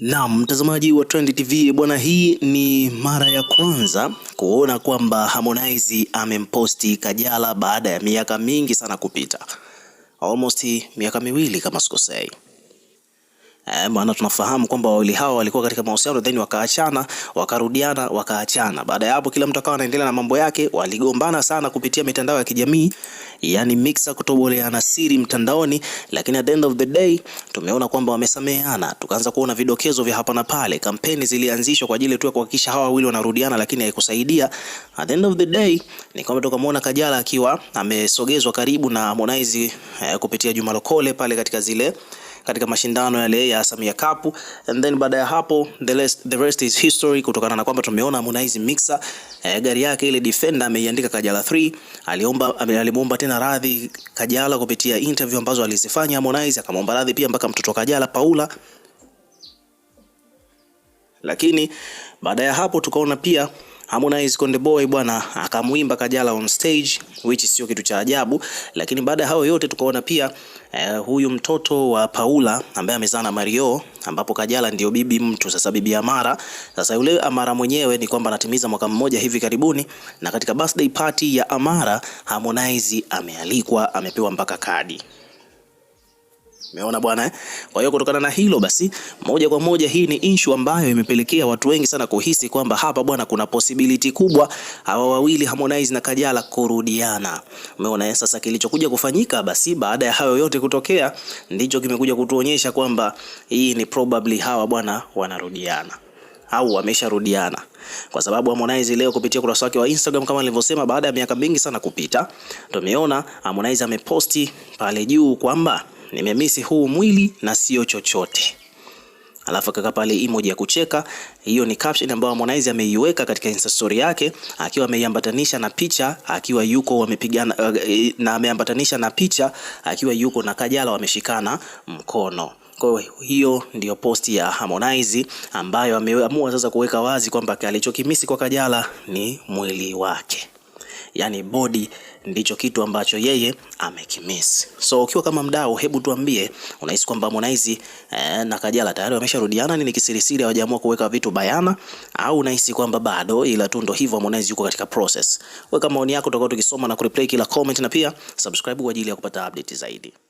Naam, mtazamaji wa Trend TV bwana, hii ni mara ya kwanza kuona kwamba Harmonize amemposti Kajala baada ya miaka mingi sana kupita, almost miaka miwili kama sikosei. Eh, maana tunafahamu kwamba wawili hao walikuwa katika mahusiano then wakaachana, wakarudiana, wakaachana. Baada ya hapo, kila mtu akawa anaendelea na mambo yake. Waligombana sana kupitia mitandao ya kijamii, yani mixer kutoboleana siri mtandaoni, lakini at the end of the day tumeona kwamba wamesameheana. Tukaanza kuona vidokezo vya hapa na pale, kampeni zilianzishwa kwa ajili tu ya kuhakikisha hawa wawili wanarudiana, lakini haikusaidia. At the end of the day ni kwamba tukamwona Kajala akiwa amesogezwa karibu na Harmonize eh, kupitia Juma Lokole pale katika zile katika mashindano yale ya Samia Cup, and then baada ya hapo the rest, the rest is history, kutokana na kwamba tumeona Harmonize Mixer eh, gari yake ile Defender ameiandika Kajala 3. Aliomba alimuomba tena radhi Kajala kupitia interview ambazo alizifanya Harmonize, akamwomba radhi pia mpaka mtoto Kajala Paula lakini baada ya hapo tukaona pia Harmonize Konde Boy bwana akamuimba Kajala on stage, which sio kitu cha ajabu, lakini baada ya hayo yote tukaona pia eh, huyu mtoto wa Paula ambaye amezaa na Mario, ambapo Kajala ndio bibi mtu sasa, bibi Amara. Sasa yule Amara mwenyewe ni kwamba anatimiza mwaka mmoja hivi karibuni, na katika birthday party ya Amara Harmonize amealikwa, amepewa mpaka kadi. Umeona bwana eh? Kwa hiyo kutokana na hilo basi, moja kwa moja hii ni issue ambayo imepelekea watu wengi sana kuhisi kwamba hapa bwana, kuna possibility kubwa hawa wawili Harmonize na Kajala kurudiana. Umeona eh? Sasa kilichokuja kufanyika basi, baada ya hayo yote kutokea, ndicho kimekuja kutuonyesha kwamba hii ni probably hawa bwana wanarudiana au wamesharudiana kwa sababu Harmonize leo kupitia ukurasa wake wa Instagram kama nilivyosema, baada ya miaka mingi sana kupita, tumeona Harmonize ameposti pale juu kwamba nimemisi huu mwili na sio chochote. Alafu kaka pale emoji ya kucheka, hiyo ni caption ambayo Harmonize ameiweka katika Insta story yake akiwa ameiambatanisha na picha akiwa yuko wamepigana uh, na ameambatanisha na picha akiwa yuko na Kajala wameshikana mkono. Kwa hiyo ndiyo posti ya Harmonize ambayo ameamua sasa kuweka wazi kwamba alichokimisi kwa Kajala ni mwili wake yani bodi ndicho kitu ambacho yeye amekimiss. So ukiwa kama mdau, hebu tuambie unahisi kwamba Harmonize eh, na Kajala tayari wamesharudiana, nini kisirisiri hawajaamua kuweka vitu bayana, au unahisi kwamba bado, ila tu ndo hivyo Harmonize yuko katika process? Weka maoni yako, tutakuwa tukisoma na kureplay kila comment, na pia subscribe kwa ajili ya kupata update zaidi.